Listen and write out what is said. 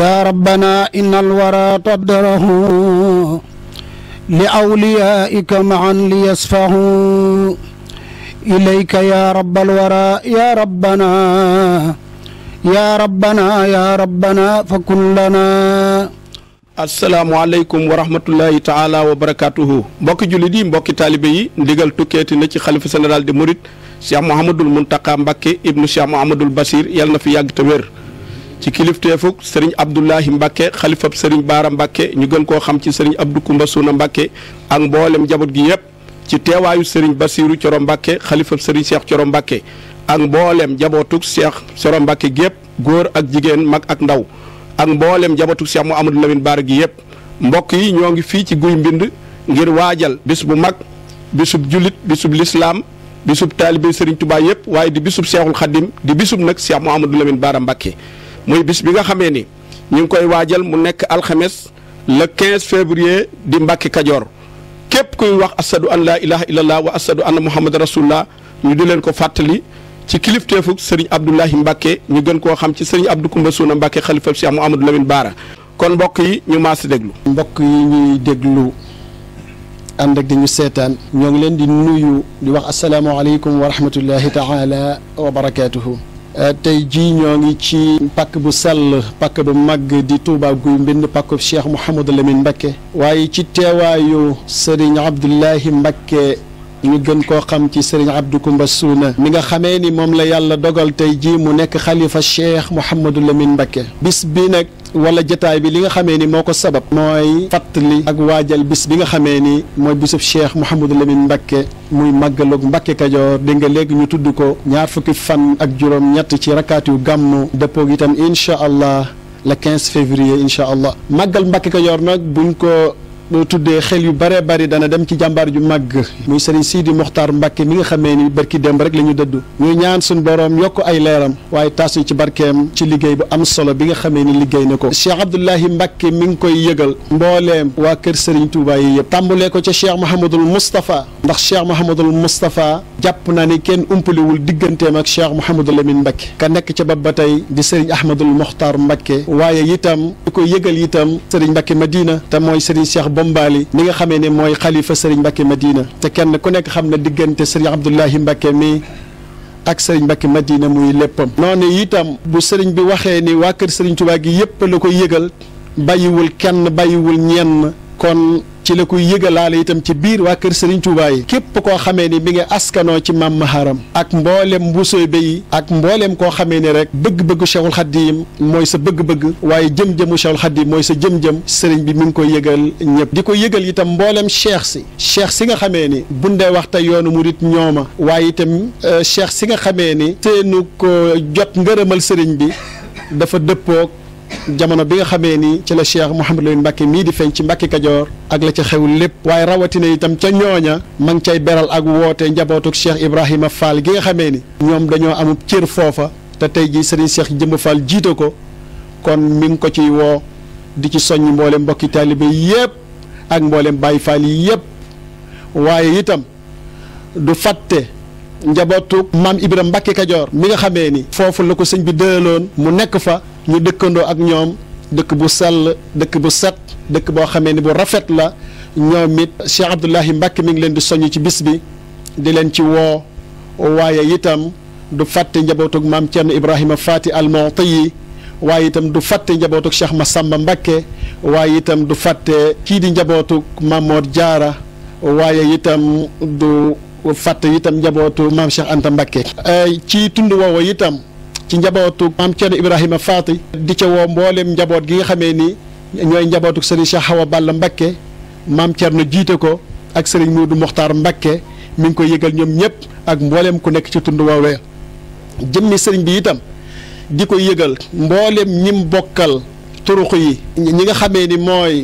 يا ربنا إن الورى تبدره لأوليائك معا ليسفه إليك يا رب الورى يا ربنا يا ربنا يا ربنا فكن لنا asalaamualeykum wa rahmatullahi taala wa barakaatuhu mbokki jullit yi mbokki taalibe yi ndigal tukkeeti na ci xalifa général de Mouride Cheikh Mouhamadul Mountakha Mbacké ibnu Cheikh Mouhamadul Basir yàlla na fi yàgg te wér ci efuk sering abdoulahi mbàkke Khalifah sering Bara mbàkke ñu gën koo xam ci sëriñ abdou kumba suuna mbàkke ak mboolem njaboot gi yépp ci basiru coro mbàkke Khalifah sering seex coro mbàkke ak mboolem Jabotuk seex coro mbàkke gépp góor ak mag ak ndaw ak Jabotuk jabootuk seex mu amadou Bar baara gi yépp mbokk yi ñoo ngi fii ci guy mbind ngir waajal bis bu mag bisub julit bisub lislaam bisub taalibe sëriñ tubaa yépp waaye di bisub seexul xadim di bisub mu amadou lamin baara muy bis bi nga xamee ni ñu ngi koy waajal mu nekk alxames le 15 février di Mbàkke Kajoor képp kuy wax asadu an laa ilaha illallah wa asadu anna muhammad rasulullah ñu di leen ko fàttali ci kilifteefug sëriñ Abdoulahi Mbàkke ñu gën koo xam ci sëriñ Abdou Koumba Suuna Mbàkke xalifab Cheikh Mouhamadou Lamine Baara kon mbokk yi ñu maas déglu. mbokk yi ñuy déglu ànd ak dañu seetaan ñoo ngi leen di nuyu di wax asalaamaaleykum wa rahmatullahi taala wa barakaatuhu. Euh, tey jii ñoo ngi ci pàkk bu sell pàkk bu màgg di Touba Guy Mbind pàkkub Cheikh Mouhamadou Lamine Mbacké waaye ci teewaayu Serigne Abdoulahi Mbacké ñu gën koo xam ci Serigne Abdou Koumba Suuna mi nga xamee ni moom la yàlla dogal tey jii mu nekk xalifa Cheikh Mouhamadou Lamine Mbacké bis bi nag wala jataay bi li nga xamee ni moo ko sabab mooy fàttali ak waajal bis bi nga xamee ni mooy bisub Cheikh Mouhamadou Lamine Mbacké muy màggalug Mbacké Kajoor dégg nga léegi ñu tudd ko ñaar fukki fan ak juróom ñett ci rakkaat yu gàmmu dëppoog itam incha allah le 15 février incha allah màggal Mbacké Kajoor nag buñ ko boo tuddee xel yu bare bari dana dem ci jàmbaar ju màgg muy sëriñ Sidi Mokhtar mbakke mi nga xamee ni barki dem rek la ñu dëdd ñuy ñaan suñ borom yokk ay leeram waaye taas ñu ci barkeem ci liggéey bu am solo bi nga xamee ni liggéey na ko Cheikh Abdoulahi Mbacke mi nga koy yëgal mbooleem waa kër sëriñ Touba yi yëpp tàmbalee ko ca Cheikh Mouhamadul Moustapha ndax Cheikh Mouhamadul Moustapha jàpp naa ni kenn umpaliwul digganteem ak Cheikh Mouhamadul Amin Mbacke ka nekk ca ba tey di sëriñ Ahmadul Mokhtar Mbacke waaye itam ñu koy yëgal itam sëriñ Mbacke Madina te mooy sëriñ Cheikh Bombali mi nga xamee ne mooy xalifa Serigne Mbacke Madina te kenn ku nekk xam na diggante Serigne Abdoulahi Mbacke mi ak Serigne Mbacke Madina muy léppam. noonu itam bu Serigne bi waxee ni waa kër Serigne Touba gi yëpp la ko yëgal bàyyiwul kenn bàyyiwul ñenn. kon ci la koy yëgalaale itam ci biir waa kër Serigne Touba yi képp koo xamee ni bi nga askanoo ci maam maharam ak mboolem mbusoobe yi ak mbooleem koo xamee ni rek bëgg-bëggu Cheikhul Khadim mooy sa bëgg-bëgg waaye jëm-jëmu Cheikhul Khadim mooy sa jëm-jëm sëriñ bi mu ngi koy yëgal ñëpp di ko yëgal itam mbooleem cheikh si cheikh si nga xamee ni wax waxta yoonu mu murit ñooma waaye itam euh, cheikh si nga xamee ni seenu ko jot ngërëmal sëriñ bi dafa dëppook jamono bi nga xamee ni ci la Cheikh Mouhamadou Lamine Mbacke mii di feeñ ci mbakki Kajoor ak la ca xew lépp waaye rawatina itam ca ñooña ma ngi cay beral ak woote njabootug Cheikh Ibrahima Fall gi nga xamee ni ñoom dañoo amub cër foofa te tey jii Serigne Cheikh Jëmb Fall jiite ko kon mi ngi ko ci woo di ci soññ mboolem mbokki taalibe yépp ak mboolem Baye Fall yi yépp waaye itam du fàtte njabootu maam Ibrahima Mbacke Kajoor mi nga xamee ni foofu la ko sëñ bi dëloon mu nekk fa ñu dëkkandoo ak ñoom dëkk bu sell dëkk bu set dëkk boo xamee ni bu rafet la ñoom it Cheikh Abdoulahi Mbacke mi ngi leen di soññ ci bis bi di leen ci woo waaye itam du fàtte njabootug maam Thierno Ibrahima Fati al-Mu'ti waaye itam du fàtte njabootug Cheikh Massamba Mbacke waaye itam du fàtte kii di njabootug Mamor Diarra waaye itam du fàtte njabootu maam Cheikh Anta Mbacke. ci tund woowu itam. ci njabootu maam Thierno Ibrahima Faati di ca woo mbooleem njaboot gi nga xamee ni ñooy njabootu sëriñ Cheikh Awa ball Mbakke maam na jiite ko ak sëriñ Muudu Moxtaar Mbakke mi ngi koy yëgal ñoom ñëpp ak mbooleem ku nekk ci tund woowee jëmmi sëriñ bi itam di ko yëgal mbooleem ñim bokkal turux yi ñi nga xamee ni mooy